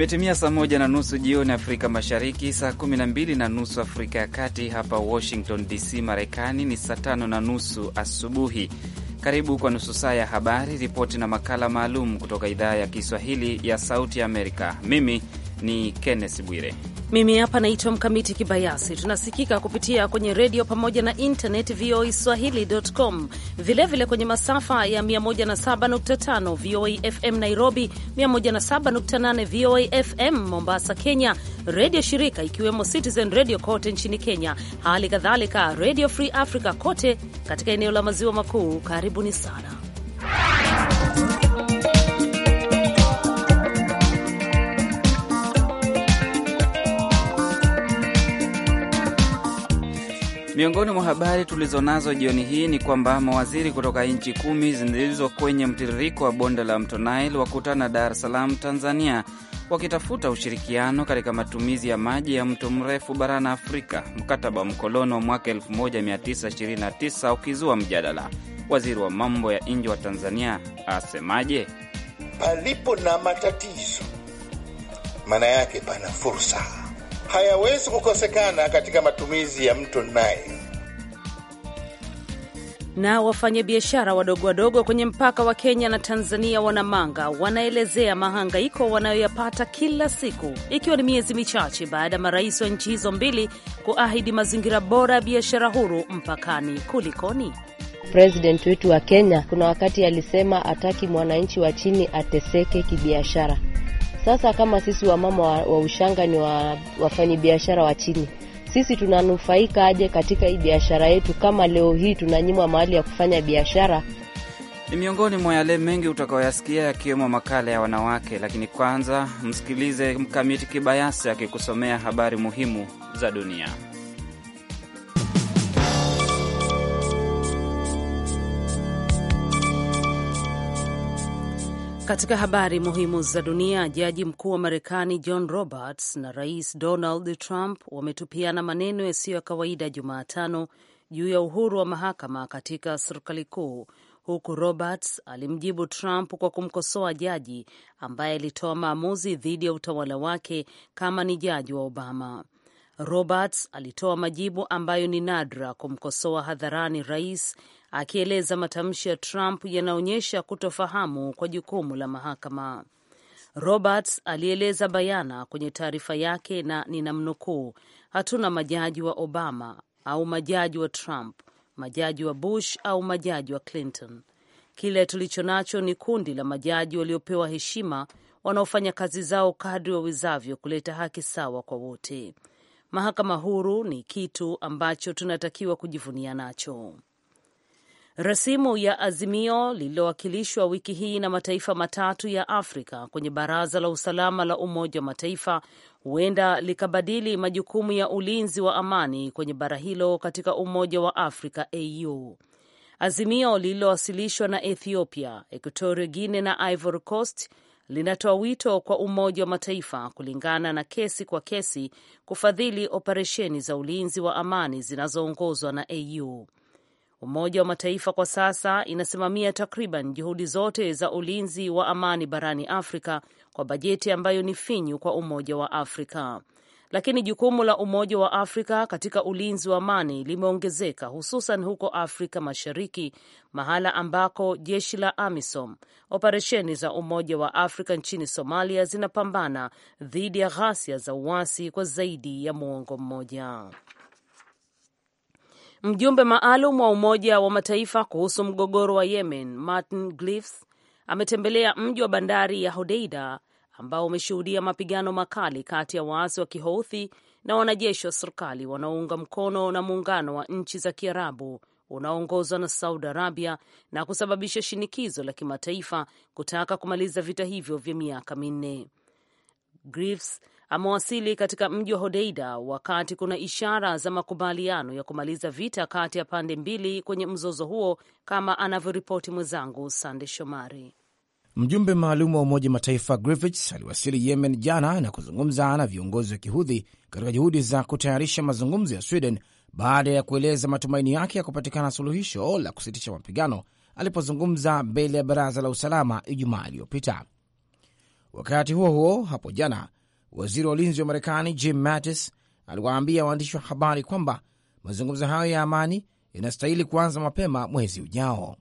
Imetimia saa moja na nusu jioni Afrika Mashariki, saa kumi na mbili na nusu Afrika ya Kati. Hapa Washington DC, Marekani ni saa tano na nusu asubuhi. Karibu kwa nusu saa ya habari, ripoti na makala maalum kutoka idhaa ya Kiswahili ya Sauti ya Amerika. Mimi ni Kenneth Bwire mimi hapa naitwa Mkamiti Kibayasi. Tunasikika kupitia kwenye redio pamoja na internet VOA swahili.com, vilevile kwenye masafa ya 107.5 VOA FM Nairobi, 107.8 VOA FM Mombasa, Kenya, redio shirika ikiwemo Citizen Radio kote nchini Kenya, hali kadhalika Radio Free Africa kote katika eneo la maziwa makuu. Karibuni sana. Miongoni mwa habari tulizonazo jioni hii ni kwamba mawaziri kutoka nchi kumi zilizo kwenye mtiririko wa bonde la mto Nile wakutana Dar es Salaam, Tanzania, wakitafuta ushirikiano katika matumizi ya maji ya mto mrefu barani Afrika, mkataba wa mkoloni wa mwaka 1929 ukizua mjadala. Waziri wa mambo ya nje wa Tanzania asemaje? Palipo na matatizo, maana yake pana fursa hayawezi kukosekana katika matumizi ya mto Nile. Na wafanyabiashara wadogo wadogo kwenye mpaka wa Kenya na Tanzania wanamanga wanaelezea mahangaiko wanayoyapata kila siku, ikiwa ni miezi michache baada ya marais wa nchi hizo mbili kuahidi mazingira bora ya biashara huru mpakani. Kulikoni? President wetu wa Kenya kuna wakati alisema ataki mwananchi wa chini ateseke kibiashara sasa kama sisi wamama wa, wa ushanga ni wa, wafanyabiashara wa chini, sisi tunanufaika aje katika hii biashara yetu kama leo hii tunanyimwa mahali ya kufanya biashara? Ni miongoni mwa yale mengi utakaoyasikia yakiwemo makala ya wanawake, lakini kwanza msikilize Mkamiti Kibayasi akikusomea habari muhimu za dunia. Katika habari muhimu za dunia, jaji mkuu wa Marekani John Roberts na rais Donald Trump wametupiana maneno yasiyo ya kawaida Jumatano juu ya uhuru wa mahakama katika serikali kuu, huku Roberts alimjibu Trump kwa kumkosoa jaji ambaye alitoa maamuzi dhidi ya utawala wake kama ni jaji wa Obama. Roberts alitoa majibu ambayo ni nadra kumkosoa hadharani rais, akieleza matamshi ya Trump yanaonyesha kutofahamu kwa jukumu la mahakama. Roberts alieleza bayana kwenye taarifa yake, na ninamnukuu, hatuna majaji wa Obama au majaji wa Trump, majaji wa Bush au majaji wa Clinton. Kile tulicho nacho ni kundi la majaji waliopewa heshima, wanaofanya kazi zao kadri wawezavyo kuleta haki sawa kwa wote. Mahakama huru ni kitu ambacho tunatakiwa kujivunia nacho. Rasimu ya azimio lililowakilishwa wiki hii na mataifa matatu ya Afrika kwenye Baraza la Usalama la Umoja wa Mataifa huenda likabadili majukumu ya ulinzi wa amani kwenye bara hilo katika Umoja wa Afrika au azimio lililowasilishwa na Ethiopia, Equatorial Guinea na Ivory Coast linatoa wito kwa Umoja wa Mataifa kulingana na kesi kwa kesi kufadhili operesheni za ulinzi wa amani zinazoongozwa na AU. Umoja wa Mataifa kwa sasa inasimamia takriban juhudi zote za ulinzi wa amani barani Afrika kwa bajeti ambayo ni finyu kwa Umoja wa Afrika lakini jukumu la Umoja wa Afrika katika ulinzi wa amani limeongezeka hususan huko Afrika Mashariki, mahala ambako jeshi la AMISOM, operesheni za Umoja wa Afrika nchini Somalia, zinapambana dhidi ya ghasia za uasi kwa zaidi ya muongo mmoja. Mjumbe maalum wa Umoja wa Mataifa kuhusu mgogoro wa Yemen, Martin Griffiths ametembelea mji wa bandari ya Hodeida ambao umeshuhudia mapigano makali kati ya waasi wa Kihouthi na wanajeshi wa serikali wanaounga mkono na muungano wa nchi za Kiarabu unaoongozwa na Saudi Arabia na kusababisha shinikizo la kimataifa kutaka kumaliza vita hivyo vya miaka minne. Griffiths amewasili katika mji wa Hodeida wakati kuna ishara za makubaliano ya kumaliza vita kati ya pande mbili kwenye mzozo huo, kama anavyoripoti mwenzangu Sande Shomari. Mjumbe maalum wa Umoja Mataifa Griffiths aliwasili Yemen jana na kuzungumza na viongozi wa kihudhi katika juhudi za kutayarisha mazungumzo ya Sweden baada ya kueleza matumaini yake ya kupatikana suluhisho la kusitisha mapigano alipozungumza mbele ya Baraza la Usalama Ijumaa iliyopita. Wakati huo huo, hapo jana, waziri wa ulinzi wa Marekani Jim Mattis aliwaambia waandishi wa habari kwamba mazungumzo hayo ya amani yanastahili kuanza mapema mwezi ujao.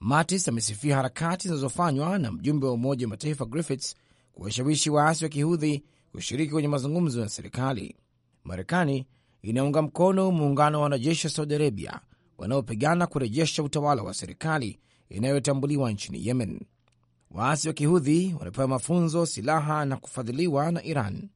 Mattis amesifia harakati zinazofanywa na mjumbe wa Umoja wa Mataifa Griffiths kuwashawishi waasi wa kihudhi kushiriki kwenye mazungumzo na serikali. Marekani inaunga mkono muungano wa wanajeshi wa Saudi Arabia wanaopigana kurejesha utawala wa serikali inayotambuliwa nchini Yemen. Waasi wa kihudhi wanapewa mafunzo, silaha na kufadhiliwa na Iran.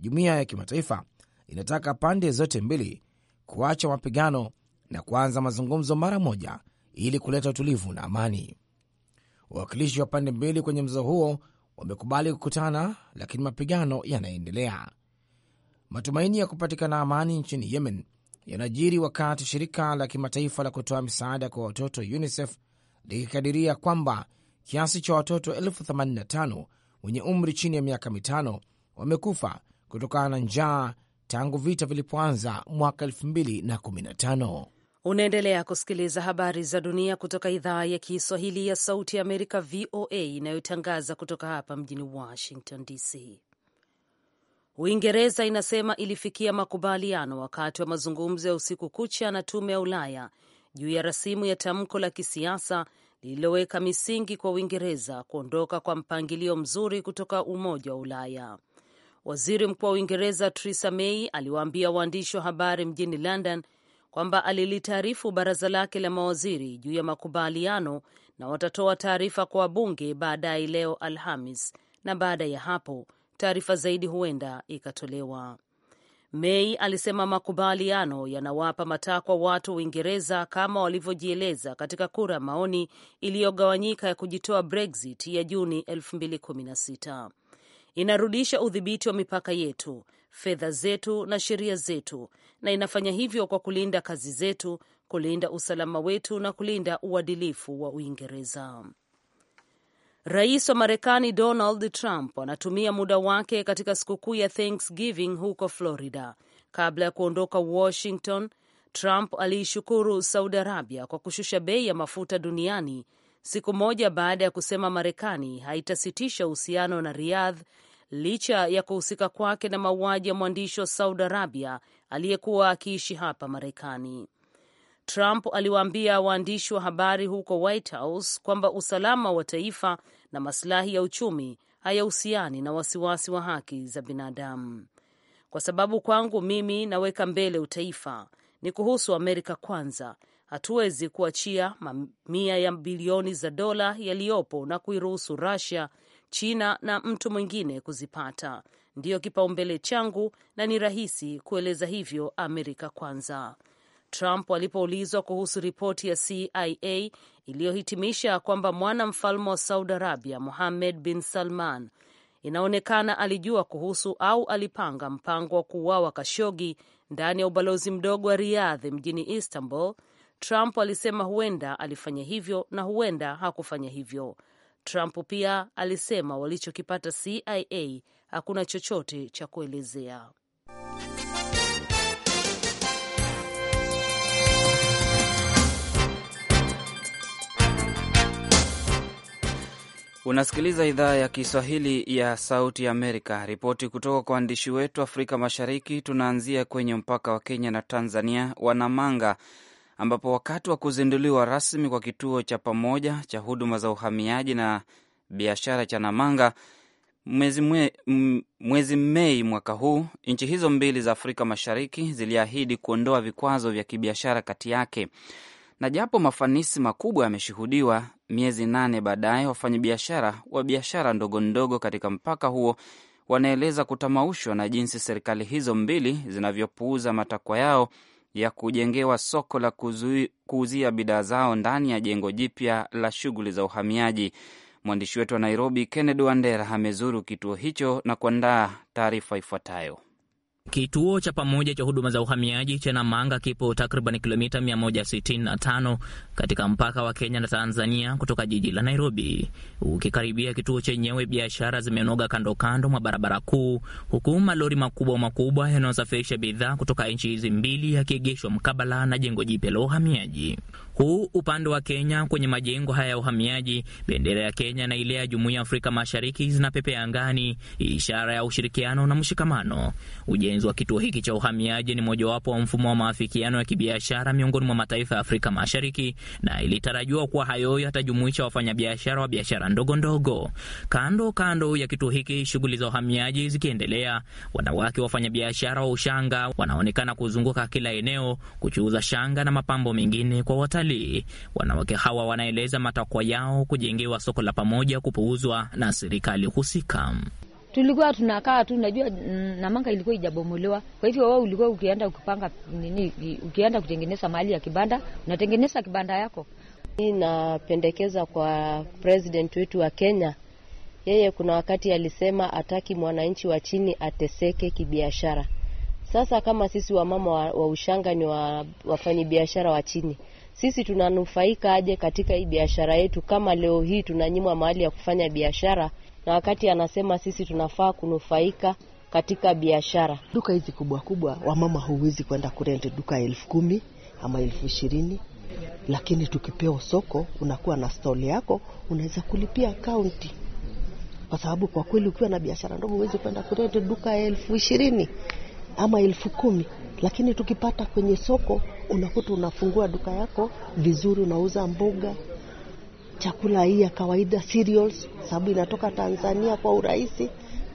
Jumuiya ya kimataifa inataka pande zote mbili kuacha mapigano na kuanza mazungumzo mara moja ili kuleta utulivu na amani. Wawakilishi wa pande mbili kwenye mzozo huo wamekubali kukutana, lakini mapigano yanaendelea. Matumaini ya kupatikana amani nchini Yemen yanajiri wakati shirika la kimataifa la kutoa misaada kwa watoto UNICEF likikadiria kwamba kiasi cha watoto elfu wenye umri chini ya miaka mitano wamekufa kutokana na njaa tangu vita vilipoanza mwaka 2015. Unaendelea kusikiliza habari za dunia kutoka idhaa ya Kiswahili ya Sauti ya Amerika, VOA, inayotangaza kutoka hapa mjini Washington DC. Uingereza inasema ilifikia makubaliano wakati wa mazungumzo ya usiku kucha na Tume ya Ulaya juu ya rasimu ya tamko la kisiasa lililoweka misingi kwa Uingereza kuondoka kwa mpangilio mzuri kutoka Umoja wa Ulaya. Waziri Mkuu wa Uingereza Theresa May aliwaambia waandishi wa habari mjini London kwamba alilitaarifu baraza lake la mawaziri juu ya makubaliano na watatoa taarifa kwa wabunge baadaye leo Alhamis, na baada ya hapo taarifa zaidi huenda ikatolewa. Mei alisema makubaliano yanawapa matakwa watu Uingereza kama walivyojieleza katika kura ya maoni iliyogawanyika ya kujitoa Brexit ya Juni 2016. Inarudisha udhibiti wa mipaka yetu fedha zetu na sheria zetu, na inafanya hivyo kwa kulinda kazi zetu, kulinda usalama wetu na kulinda uadilifu wa Uingereza. Rais wa Marekani Donald Trump anatumia muda wake katika sikukuu ya Thanksgiving huko Florida. Kabla ya kuondoka Washington, Trump aliishukuru Saudi Arabia kwa kushusha bei ya mafuta duniani siku moja baada ya kusema Marekani haitasitisha uhusiano na Riyadh licha ya kuhusika kwake na mauaji ya mwandishi wa Saudi Arabia aliyekuwa akiishi hapa Marekani. Trump aliwaambia waandishi wa habari huko White House kwamba usalama wa taifa na masilahi ya uchumi hayahusiani na wasiwasi wa haki za binadamu. Kwa sababu kwangu mimi naweka mbele utaifa, ni kuhusu Amerika kwanza. Hatuwezi kuachia mamia ya bilioni za dola yaliyopo na kuiruhusu Russia China na mtu mwingine kuzipata. Ndiyo kipaumbele changu na ni rahisi kueleza hivyo Amerika Kwanza. Trump alipoulizwa kuhusu ripoti ya CIA iliyohitimisha kwamba mwana mfalme wa Saudi Arabia Mohammed bin Salman inaonekana alijua kuhusu au alipanga mpango wa kuuawa Kashogi ndani ya ubalozi mdogo wa Riyadh mjini Istanbul. Trump alisema huenda alifanya hivyo na huenda hakufanya hivyo. Trump pia alisema walichokipata CIA hakuna chochote cha kuelezea. Unasikiliza idhaa ya Kiswahili ya Sauti ya Amerika. Ripoti kutoka kwa waandishi wetu Afrika Mashariki. Tunaanzia kwenye mpaka wa Kenya na Tanzania, Wanamanga ambapo wakati wa kuzinduliwa rasmi kwa kituo cha pamoja cha huduma za uhamiaji na biashara cha Namanga mwezi, mwe, mwezi Mei mwaka huu, nchi hizo mbili za Afrika Mashariki ziliahidi kuondoa vikwazo vya kibiashara kati yake, na japo mafanisi makubwa yameshuhudiwa, miezi nane baadaye wafanyabiashara wa biashara ndogo ndogo katika mpaka huo wanaeleza kutamaushwa na jinsi serikali hizo mbili zinavyopuuza matakwa yao ya kujengewa soko la kuuzia bidhaa zao ndani ya jengo jipya la shughuli za uhamiaji. Mwandishi wetu wa Nairobi, Kennedy Wandera, amezuru kituo hicho na kuandaa taarifa ifuatayo. Kituo cha pamoja cha huduma za uhamiaji cha Namanga kipo takriban kilomita 165 katika mpaka wa Kenya na Tanzania kutoka jiji la Nairobi. Ukikaribia kituo chenyewe, biashara zimenoga kando kando mwa barabara kuu, huku malori makubwa makubwa yanayosafirisha bidhaa kutoka nchi hizi mbili yakiegeshwa mkabala na jengo jipya la uhamiaji. Huu upande wa Kenya, kwenye majengo haya ya uhamiaji, bendera ya Kenya na ile ya Jumuiya ya Afrika Mashariki zinapepea angani, ishara ya ushirikiano na mshikamano Ujenzi wa kituo hiki cha uhamiaji ni mojawapo wa mfumo wa maafikiano ya kibiashara miongoni mwa mataifa ya Afrika Mashariki, na ilitarajiwa kuwa hayo yatajumuisha wafanyabiashara wa biashara ndogo ndogo. Kando kando ya kituo hiki, shughuli za uhamiaji zikiendelea, wanawake wafanyabiashara wa ushanga wanaonekana kuzunguka kila eneo kuchuuza shanga na mapambo mengine kwa watalii. Wanawake hawa wanaeleza matakwa yao kujengewa soko la pamoja kupuuzwa na serikali husika tulikuwa tunakaa tu, najua mm, Namanga ilikuwa ijabomolewa. Kwa hivyo wewe ulikuwa ukienda ukipanga nini, ukienda kutengeneza mahali ya kibanda, unatengeneza kibanda yako. Mimi napendekeza kwa president wetu wa Kenya, yeye kuna wakati alisema ataki mwananchi wa chini ateseke kibiashara. Sasa kama sisi wamama wa, wa ushanga ni wa, wafanyabiashara wa chini, sisi tunanufaika aje katika hii biashara yetu, kama leo hii tunanyimwa mahali ya kufanya biashara? na wakati anasema sisi tunafaa kunufaika katika biashara. Duka hizi kubwa kubwa, wamama huwezi kwenda kurenti duka elfu kumi ama elfu ishirini lakini tukipewa soko, unakuwa na stoli yako, unaweza kulipia akaunti, kwa sababu kwa kweli ukiwa na biashara ndogo huwezi kwenda kurenti duka elfu ishirini ama elfu kumi lakini tukipata kwenye soko unakuta unafungua duka yako vizuri, unauza mboga chakula hii ya kawaida cereals, sababu inatoka Tanzania kwa urahisi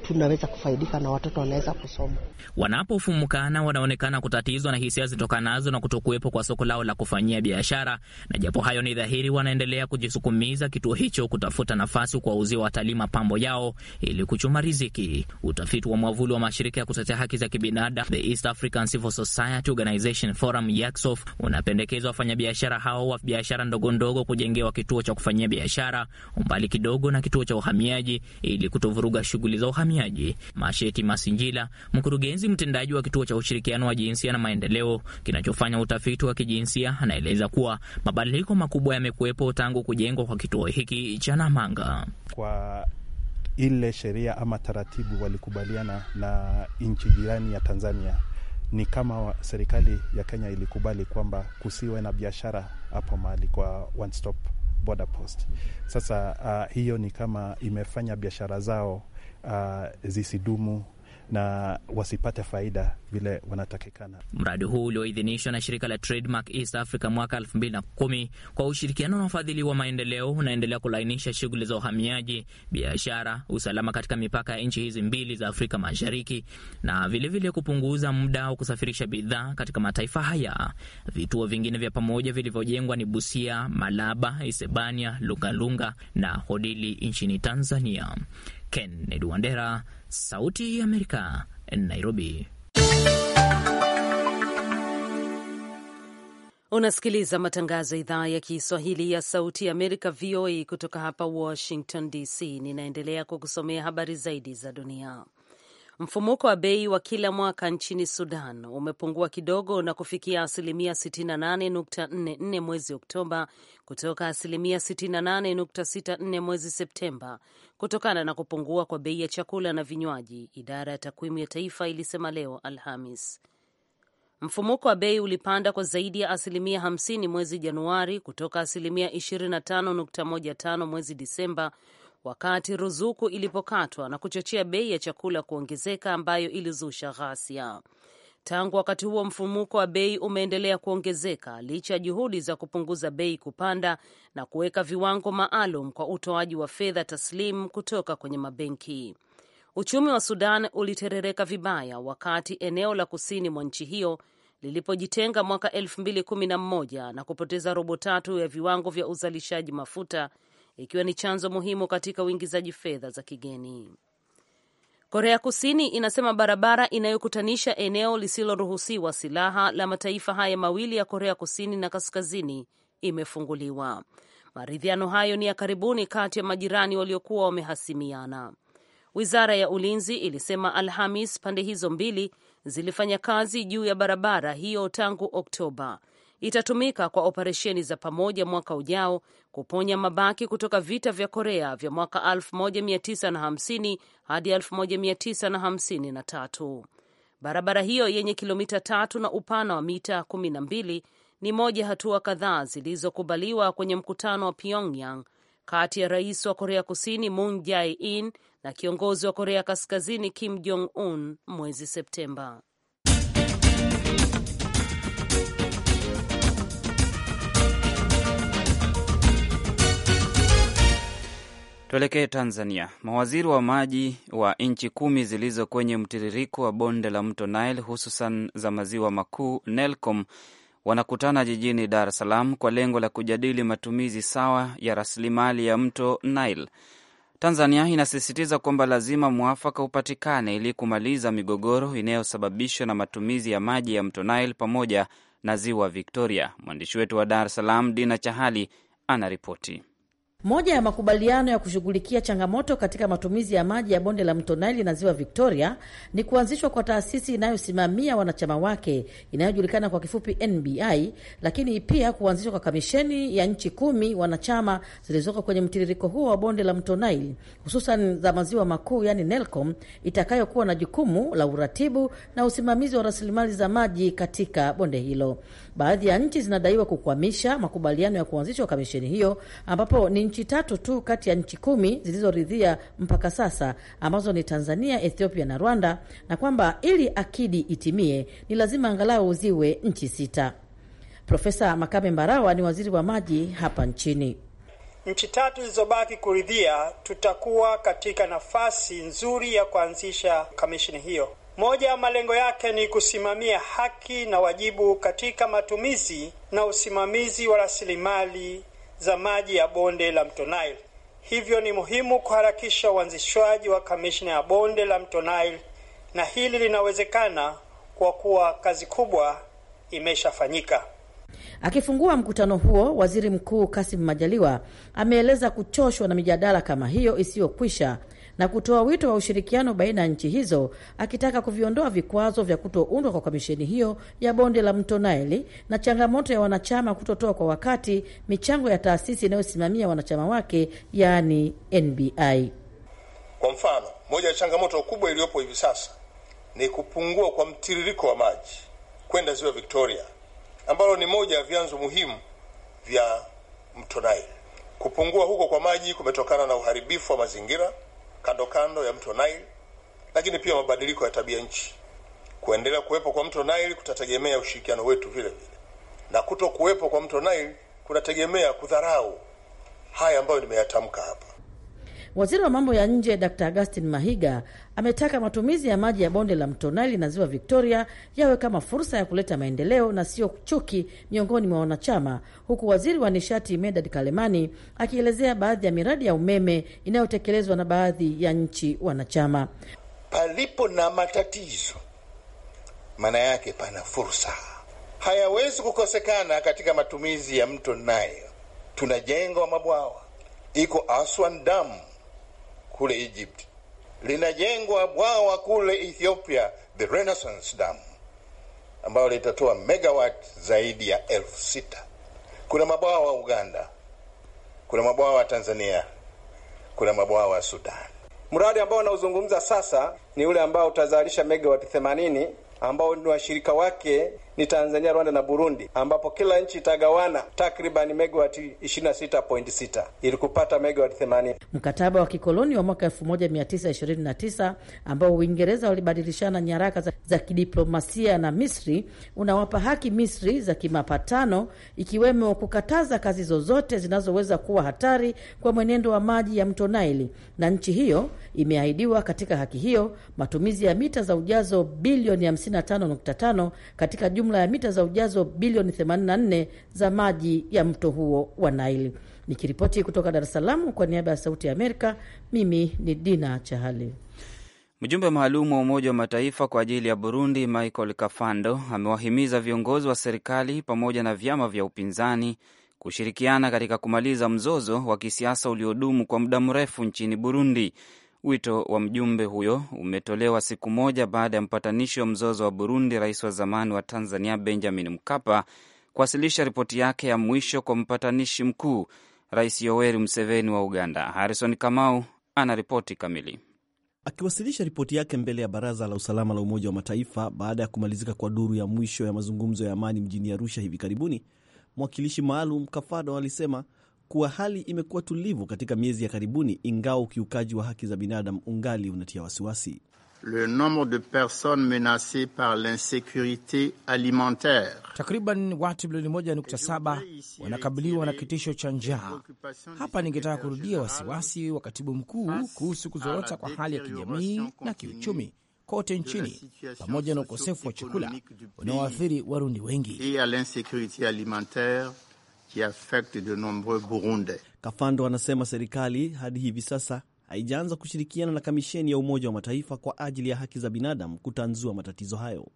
tunaweza kufaidika na watoto wanaweza kusoma. Wanapofumukana wanaonekana kutatizwa na hisia zitokanazo na kutokuwepo kwa soko lao la kufanyia biashara, na japo hayo ni dhahiri, wanaendelea kujisukumiza kituo hicho kutafuta nafasi kuwauzia watalii mapambo yao ili kuchuma riziki. Utafiti wa mwavuli wa mashirika ya kutetea haki za kibinadamu The East African Civil Society Organization Forum YACSOF unapendekeza wafanyabiashara hao wa biashara ndogondogo kujengewa kituo cha kufanyia biashara umbali kidogo na kituo cha uhamiaji ili kutovuruga shughuli za uhamiaji uhamiaji, Masheti Masinjila, mkurugenzi mtendaji wa kituo cha ushirikiano wa jinsia na maendeleo kinachofanya utafiti wa kijinsia, anaeleza kuwa mabadiliko makubwa yamekuwepo tangu kujengwa kwa kituo hiki cha Namanga kwa ile sheria ama taratibu walikubaliana na nchi jirani ya Tanzania. Ni kama serikali ya Kenya ilikubali kwamba kusiwe na biashara hapo mahali kwa one stop border post. Sasa uh, hiyo ni kama imefanya biashara zao uh, zisidumu na wasipate faida vile wanatakikana. Mradi huu ulioidhinishwa na shirika la Trademark East Africa mwaka 2010 kwa ushirikiano na ufadhili wa maendeleo unaendelea kulainisha shughuli za uhamiaji, biashara, usalama katika mipaka ya nchi hizi mbili za Afrika Mashariki na vilevile vile kupunguza muda wa kusafirisha bidhaa katika mataifa haya. Vituo vingine vya pamoja vilivyojengwa ni Busia, Malaba, Isebania, Lungalunga na Hodili nchini Tanzania. Kennedy Wandera Sauti ya Amerika, Nairobi. Unasikiliza matangazo ya idhaa ya Kiswahili ya Sauti ya Amerika, VOA, kutoka hapa Washington DC. Ninaendelea kukusomea habari zaidi za dunia. Mfumuko wa bei wa kila mwaka nchini Sudan umepungua kidogo na kufikia asilimia 68.44 mwezi Oktoba kutoka asilimia 68.64 mwezi Septemba kutokana na kupungua kwa bei ya chakula na vinywaji, idara ya takwimu ya taifa ilisema leo Alhamis. Mfumuko wa bei ulipanda kwa zaidi ya asilimia 50 mwezi Januari kutoka asilimia 25.15 mwezi Disemba wakati ruzuku ilipokatwa na kuchochea bei ya chakula kuongezeka, ambayo ilizusha ghasia. Tangu wakati huo mfumuko wa bei umeendelea kuongezeka licha ya juhudi za kupunguza bei kupanda na kuweka viwango maalum kwa utoaji wa fedha taslimu kutoka kwenye mabenki. Uchumi wa Sudan uliterereka vibaya wakati eneo la kusini mwa nchi hiyo lilipojitenga mwaka 2011 na kupoteza robo tatu ya viwango vya uzalishaji mafuta ikiwa ni chanzo muhimu katika uingizaji fedha za kigeni. Korea Kusini inasema barabara inayokutanisha eneo lisiloruhusiwa silaha la mataifa haya mawili ya Korea Kusini na Kaskazini imefunguliwa. Maridhiano hayo ni ya karibuni kati ya majirani waliokuwa wamehasimiana. Wizara ya Ulinzi ilisema Alhamis pande hizo mbili zilifanya kazi juu ya barabara hiyo tangu Oktoba itatumika kwa operesheni za pamoja mwaka ujao kuponya mabaki kutoka vita vya Korea vya mwaka 1950 hadi 1953. Barabara hiyo yenye kilomita tatu na upana wa mita 12 ni moja hatua kadhaa zilizokubaliwa kwenye mkutano wa Pyongyang kati ya rais wa Korea Kusini Moon Jae-in na kiongozi wa Korea Kaskazini Kim Jong Un mwezi Septemba. Tuelekee Tanzania. Mawaziri wa maji wa nchi kumi zilizo kwenye mtiririko wa bonde la mto Nile, hususan za maziwa makuu, NELCOM, wanakutana jijini Dar es Salaam kwa lengo la kujadili matumizi sawa ya rasilimali ya mto Nile. Tanzania inasisitiza kwamba lazima mwafaka upatikane ili kumaliza migogoro inayosababishwa na matumizi ya maji ya mto Nile pamoja na ziwa Victoria. Mwandishi wetu wa Dar es Salaam, Dina Chahali, anaripoti. Moja ya makubaliano ya kushughulikia changamoto katika matumizi ya maji ya bonde la mto Naili na ziwa Victoria ni kuanzishwa kwa taasisi inayosimamia wanachama wake inayojulikana kwa kifupi NBI, lakini pia kuanzishwa kwa kamisheni ya nchi kumi wanachama zilizoko kwenye mtiririko huo wa bonde la mto Naili, hususan za maziwa makuu, yani NELCOM, itakayokuwa na jukumu la uratibu na usimamizi wa rasilimali za maji katika bonde hilo. Baadhi ya nchi zinadaiwa kukwamisha makubaliano ya kuanzishwa kamisheni hiyo, ambapo ni nchi tatu tu kati ya nchi kumi zilizoridhia mpaka sasa ambazo ni Tanzania, Ethiopia na Rwanda, na kwamba ili akidi itimie ni lazima angalau ziwe nchi sita. Profesa Makame Mbarawa ni waziri wa maji hapa nchini. Nchi tatu zilizobaki kuridhia, tutakuwa katika nafasi nzuri ya kuanzisha kamishini hiyo. Moja ya malengo yake ni kusimamia haki na wajibu katika matumizi na usimamizi wa rasilimali za maji ya bonde la mto Nile. Hivyo ni muhimu kuharakisha uanzishwaji wa kamishna ya bonde la mto Nile, na hili linawezekana kwa kuwa kazi kubwa imeshafanyika. Akifungua mkutano huo, waziri mkuu Kasim Majaliwa ameeleza kuchoshwa na mijadala kama hiyo isiyokwisha na kutoa wito wa ushirikiano baina ya nchi hizo, akitaka kuviondoa vikwazo vya kutoundwa kwa kamisheni hiyo ya bonde la mto Naili na changamoto ya wanachama kutotoa kwa wakati michango ya taasisi inayosimamia wanachama wake, yaani NBI. Kwa mfano, moja ya changamoto kubwa iliyopo hivi sasa ni kupungua kwa mtiririko wa maji kwenda ziwa Victoria ambalo ni moja ya vyanzo muhimu vya mto Nile. Kupungua huko kwa maji kumetokana na uharibifu wa mazingira kando kando ya mto Nile, lakini pia mabadiliko ya tabia nchi. Kuendelea kuwepo kwa mto Nile kutategemea ushirikiano wetu vile vile, na kuto kuwepo kwa mto Nile kunategemea kudharau haya ambayo nimeyatamka hapa. Waziri wa mambo ya nje Dr Agustin Mahiga ametaka matumizi ya maji ya bonde la mto Naili na ziwa Victoria yawe kama fursa ya kuleta maendeleo na sio chuki miongoni mwa wanachama, huku waziri wa nishati Medad Kalemani akielezea baadhi ya miradi ya umeme inayotekelezwa na baadhi ya nchi wanachama. Palipo na matatizo, maana yake pana fursa, hayawezi kukosekana katika matumizi ya mto Nayo. Tunajengwa mabwawa, iko Aswan Dam kule Egypt, linajengwa bwawa kule Ethiopia, the Renaissance Dam, ambayo litatoa megawatt zaidi ya elfu sita. Kuna mabwawa wa Uganda, kuna mabwawa wa Tanzania, kuna mabwawa wa Sudan. Mradi ambao unaozungumza sasa ni ule ambao utazalisha megawatt 80 ambao ni washirika wake ni Tanzania, Rwanda na Burundi, ambapo kila nchi itagawana takriban megawati 26.6 ili kupata megawati 80. Mkataba wa kikoloni wa mwaka 1929 ambao Uingereza walibadilishana nyaraka za, za kidiplomasia na Misri unawapa haki Misri za kimapatano, ikiwemo kukataza kazi zozote zinazoweza kuwa hatari kwa mwenendo wa maji ya mto Naili, na nchi hiyo imeahidiwa katika haki hiyo matumizi ya mita za ujazo bilioni 55.5 katika jumla ya mita za ujazo bilioni 84 za maji ya mto huo wa Naili. Nikiripoti kutoka Dar es Salaam kwa niaba ya Sauti ya Amerika, mimi ni Dina Chahali. Mjumbe maalum wa Umoja wa Mataifa kwa ajili ya Burundi, Michael Kafando, amewahimiza viongozi wa serikali pamoja na vyama vya upinzani kushirikiana katika kumaliza mzozo wa kisiasa uliodumu kwa muda mrefu nchini Burundi. Wito wa mjumbe huyo umetolewa siku moja baada ya mpatanishi wa mzozo wa Burundi, rais wa zamani wa Tanzania Benjamin Mkapa kuwasilisha ripoti yake ya mwisho kwa mpatanishi mkuu Rais Yoweri Museveni wa Uganda. Harrison Kamau ana ripoti kamili. Akiwasilisha ripoti yake mbele ya Baraza la Usalama la Umoja wa Mataifa baada ya kumalizika kwa duru ya mwisho ya mazungumzo ya amani mjini Arusha hivi karibuni, mwakilishi maalum Kafado alisema kuwa hali imekuwa tulivu katika miezi ya karibuni, ingawa ukiukaji wa haki za binadamu ungali unatia wasiwasi. Le nombre de personnes par alimentaire, takriban watu milioni 1.7 wanakabiliwa na kitisho cha njaa. Hapa ningetaka kurudia wasiwasi wa katibu mkuu kuhusu kuzorota kwa hali ya kijamii na kiuchumi kote nchini pamoja na ukosefu wa chakula unaoathiri Warundi wengi de nombreux Kafando anasema serikali hadi hivi sasa haijaanza kushirikiana na kamisheni ya Umoja wa Mataifa kwa ajili ya haki za binadamu kutanzua matatizo hayo.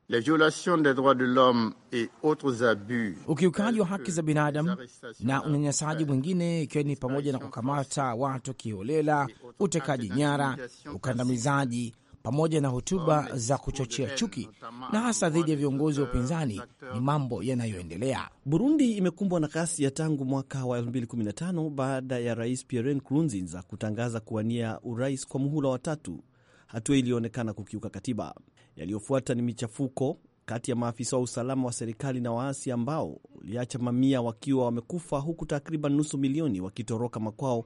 Ukiukaji wa haki za binadamu na unyanyasaji mwingine, ikiwa ni pamoja na kukamata watu kiholela, utekaji nyara, ukandamizaji pamoja na hotuba za kuchochea chuki na hasa dhidi ya viongozi wa upinzani ni mambo yanayoendelea. Burundi imekumbwa na ya tangu mwaka wa 2015 baada ya Rais Pierre Nkurunziza kutangaza kuwania urais kwa muhula wa tatu, hatua iliyoonekana kukiuka katiba. Yaliyofuata ni michafuko kati ya maafisa wa usalama wa serikali na waasi ambao uliacha mamia wakiwa wamekufa huku takriban nusu milioni wakitoroka makwao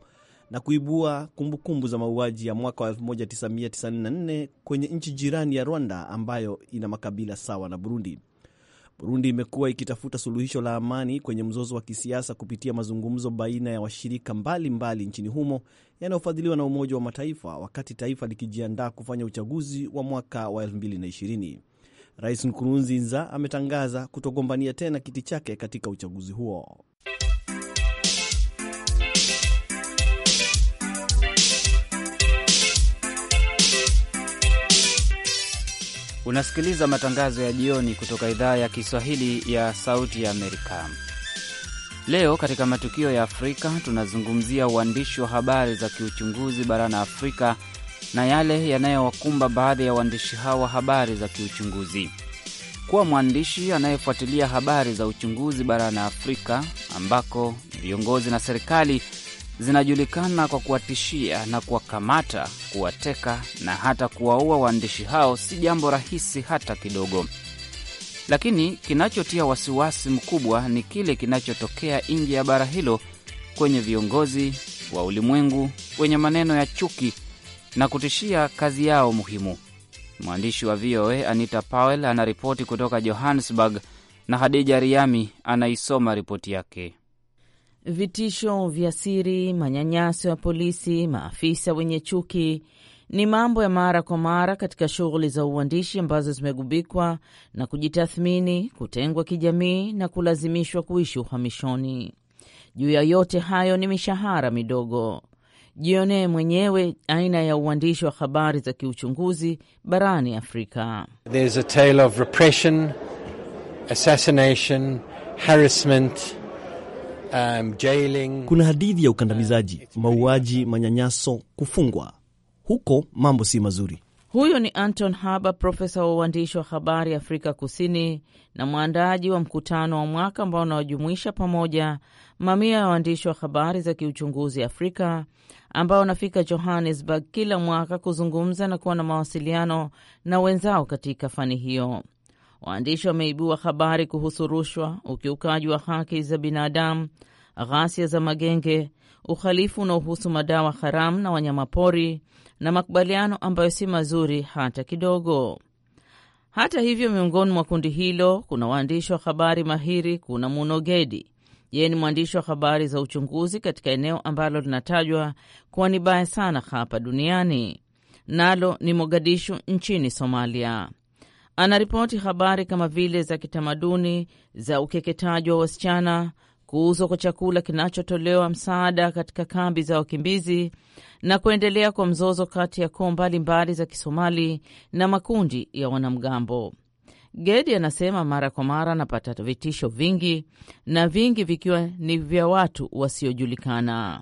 na kuibua kumbukumbu za mauaji ya mwaka wa 1994 kwenye nchi jirani ya Rwanda ambayo ina makabila sawa na Burundi. Burundi imekuwa ikitafuta suluhisho la amani kwenye mzozo wa kisiasa kupitia mazungumzo baina ya washirika mbalimbali mbali nchini humo yanayofadhiliwa na Umoja wa Mataifa, wakati taifa likijiandaa kufanya uchaguzi wa mwaka wa 2020. Rais Nkurunziza ametangaza kutogombania tena kiti chake katika uchaguzi huo. Unasikiliza matangazo ya jioni kutoka idhaa ya Kiswahili ya Sauti ya Amerika. Leo katika matukio ya Afrika tunazungumzia uandishi wa habari za kiuchunguzi barani Afrika na yale yanayowakumba baadhi ya waandishi hao wa habari za kiuchunguzi. Kuwa mwandishi anayefuatilia habari za uchunguzi barani Afrika ambako viongozi na serikali zinajulikana kwa kuwatishia na kuwakamata, kuwateka na hata kuwaua waandishi hao si jambo rahisi hata kidogo. Lakini kinachotia wasiwasi mkubwa ni kile kinachotokea nje ya bara hilo kwenye viongozi wa ulimwengu wenye maneno ya chuki na kutishia kazi yao muhimu. Mwandishi wa VOA Anita Powell anaripoti kutoka Johannesburg na Hadija Riami anaisoma ripoti yake. Vitisho vya siri, manyanyaso ya polisi, maafisa wenye chuki ni mambo ya mara kwa mara katika shughuli za uandishi ambazo zimegubikwa na kujitathmini, kutengwa kijamii na kulazimishwa kuishi uhamishoni. Juu ya yote hayo ni mishahara midogo. Jionee mwenyewe aina ya uandishi wa habari za kiuchunguzi barani Afrika. There's a tale of repression, assassination, harassment um, jailing. Kuna hadithi ya ukandamizaji, mauaji, manyanyaso, kufungwa. Huko mambo si mazuri. huyo ni Anton Haber, profesa wa uandishi wa habari Afrika Kusini na mwandaaji wa mkutano wa mwaka ambao unawajumuisha pamoja mamia ya waandishi wa habari za kiuchunguzi Afrika ambao wanafika Johannesburg kila mwaka kuzungumza na kuwa na mawasiliano na wenzao katika fani hiyo. Waandishi wameibua habari kuhusu rushwa, ukiukaji wa haki za binadamu, ghasia za magenge, uhalifu unaohusu madawa haramu na wanyamapori na makubaliano ambayo si mazuri hata kidogo. Hata hivyo, miongoni mwa kundi hilo kuna waandishi wa habari mahiri. Kuna Munogedi, yeye ni mwandishi wa habari za uchunguzi katika eneo ambalo linatajwa kuwa ni baya sana hapa duniani, nalo ni Mogadishu nchini Somalia. Anaripoti habari kama vile za kitamaduni za ukeketaji wa wasichana, kuuzwa kwa chakula kinachotolewa msaada katika kambi za wakimbizi na kuendelea kwa mzozo kati ya koo mbalimbali za Kisomali na makundi ya wanamgambo. Gedi anasema mara kwa mara anapata vitisho vingi na vingi vikiwa ni vya watu wasiojulikana.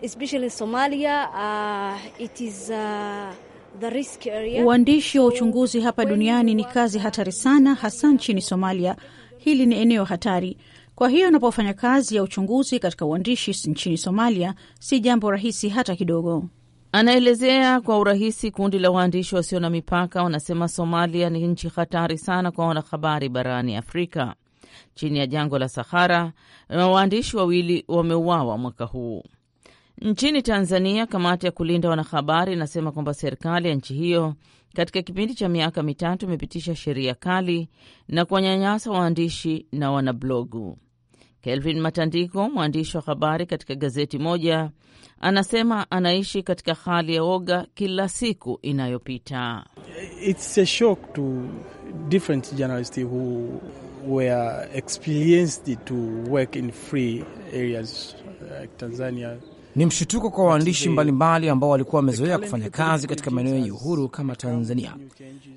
Uh, uh, uandishi uh, uh, wa uchunguzi hapa duniani ni kazi hatari sana, hasa nchini Somalia. Hili ni eneo hatari. Kwa hiyo unapofanya kazi ya uchunguzi katika uandishi nchini Somalia si jambo rahisi hata kidogo. Anaelezea kwa urahisi. Kundi la waandishi wasio na mipaka wanasema Somalia ni nchi hatari sana kwa wanahabari barani Afrika. Chini ya jangwa la Sahara, waandishi wawili wameuawa mwaka huu. Nchini Tanzania, kamati ya kulinda wanahabari inasema kwamba serikali ya nchi hiyo katika kipindi cha miaka mitatu imepitisha sheria kali na kuwanyanyasa waandishi na wanablogu. Kelvin Matandiko, mwandishi wa habari katika gazeti moja, anasema anaishi katika hali ya woga kila siku inayopita. It's a shock to different journalists who were experienced to work in free areas like uh, Tanzania. Ni mshutuko kwa waandishi mbalimbali ambao walikuwa wamezoea kufanya kazi katika maeneo yenye uhuru kama Tanzania,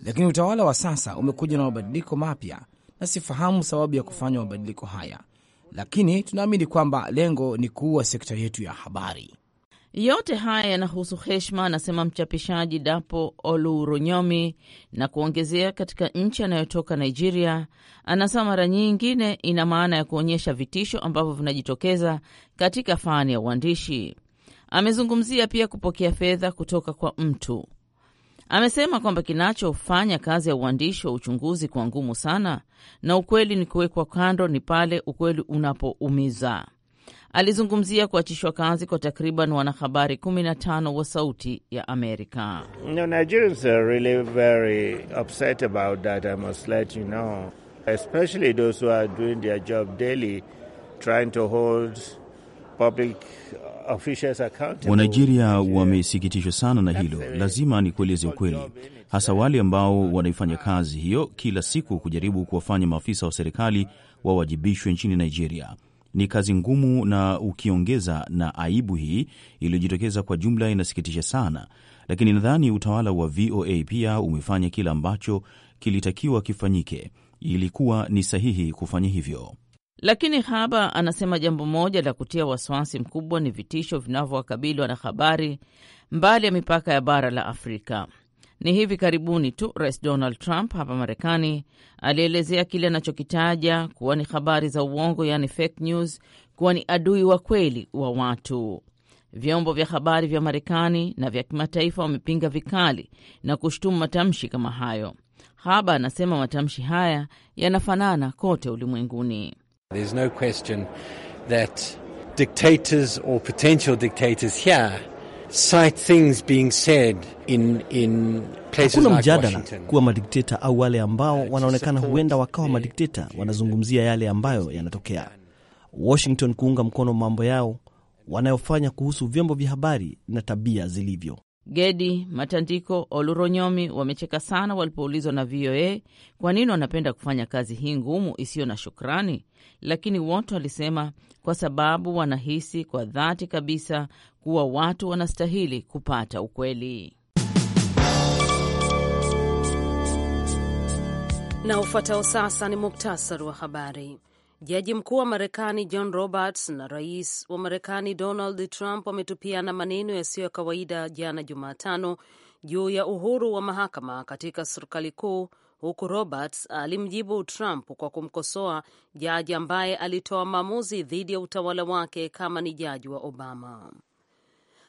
lakini utawala wa sasa umekuja na mabadiliko mapya, na sifahamu sababu ya kufanya mabadiliko haya, lakini tunaamini kwamba lengo ni kuua sekta yetu ya habari. Yote haya yanahusu heshima, anasema mchapishaji Dapo Olurunyomi, na kuongezea, katika nchi anayotoka Nigeria, anasema mara nyingine ina maana ya kuonyesha vitisho ambavyo vinajitokeza katika fani ya uandishi. Amezungumzia pia kupokea fedha kutoka kwa mtu. Amesema kwamba kinachofanya kazi ya uandishi wa uchunguzi kwa ngumu sana, na ukweli ni kuwekwa kando ni pale ukweli unapoumiza. Alizungumzia kuachishwa kazi kwa takriban wanahabari 15 wa Sauti ya Amerika. No, Wanigeria wamesikitishwa sana na hilo. Lazima nikueleze ukweli, hasa wale ambao wanaifanya kazi hiyo kila siku, kujaribu kuwafanya maafisa wa serikali wawajibishwe nchini Nigeria. Ni kazi ngumu, na ukiongeza na aibu hii iliyojitokeza kwa jumla, inasikitisha sana, lakini nadhani utawala wa VOA pia umefanya kile ambacho kilitakiwa kifanyike. Ilikuwa ni sahihi kufanya hivyo. Lakini Haba anasema jambo moja la kutia wasiwasi mkubwa ni vitisho vinavyowakabili wanahabari mbali ya mipaka ya bara la Afrika. Ni hivi karibuni tu Rais Donald Trump hapa Marekani alielezea kile anachokitaja kuwa ni habari za uongo, yani fake news, kuwa ni adui wa kweli wa watu. Vyombo vya habari vya Marekani na vya kimataifa wamepinga vikali na kushutumu matamshi kama hayo. Haba anasema matamshi haya yanafanana kote ulimwenguni. There's no question that dictators or potential dictators here Hakuna mjadala kuwa madikteta au wale ambao uh, wanaonekana huenda wakawa madikteta wanazungumzia yale ambayo yanatokea Washington, kuunga mkono mambo yao wanayofanya kuhusu vyombo vya habari na tabia zilivyo. Gedi Matandiko Oluronyomi wamecheka sana walipoulizwa na VOA kwa nini wanapenda kufanya kazi hii ngumu isiyo na shukrani, lakini wote walisema kwa sababu wanahisi kwa dhati kabisa kuwa watu wanastahili kupata ukweli. Na ufuatao sasa ni muktasari wa habari. Jaji mkuu wa Marekani John Roberts na rais wa Marekani Donald Trump wametupiana maneno yasiyo ya kawaida jana Jumatano juu ya uhuru wa mahakama katika serikali kuu, huku Roberts alimjibu Trump kwa kumkosoa jaji ambaye alitoa maamuzi dhidi ya utawala wake kama ni jaji wa Obama.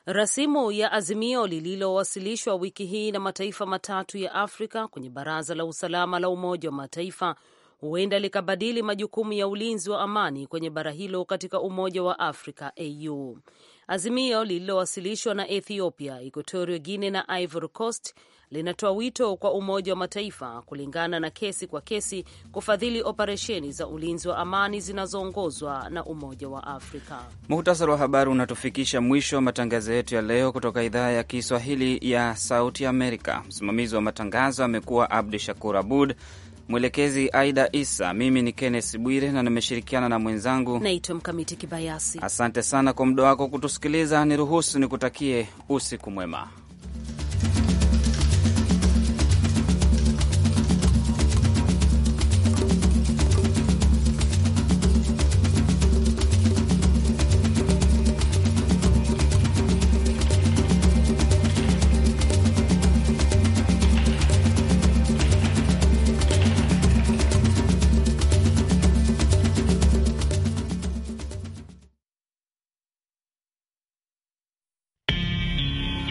Rasimu ya azimio lililowasilishwa wiki hii na mataifa matatu ya Afrika kwenye Baraza la Usalama la Umoja wa Mataifa huenda likabadili majukumu ya ulinzi wa amani kwenye bara hilo katika Umoja wa Afrika AU. Azimio lililowasilishwa na Ethiopia, Equatorio Guine na Ivory Coast linatoa wito kwa Umoja wa Mataifa kulingana na kesi kwa kesi kufadhili operesheni za ulinzi wa amani zinazoongozwa na Umoja wa Afrika. Muhtasari wa habari unatufikisha mwisho wa matangazo yetu ya leo kutoka idhaa ya Kiswahili ya Sauti Amerika. Msimamizi wa matangazo amekuwa Abdu Shakur Abud. Mwelekezi Aida Isa, mimi ni Kennes Bwire na nimeshirikiana na mwenzangu naitwa Mkamiti Kibayasi. Asante sana kwa muda wako kutusikiliza. Niruhusu nikutakie usiku mwema.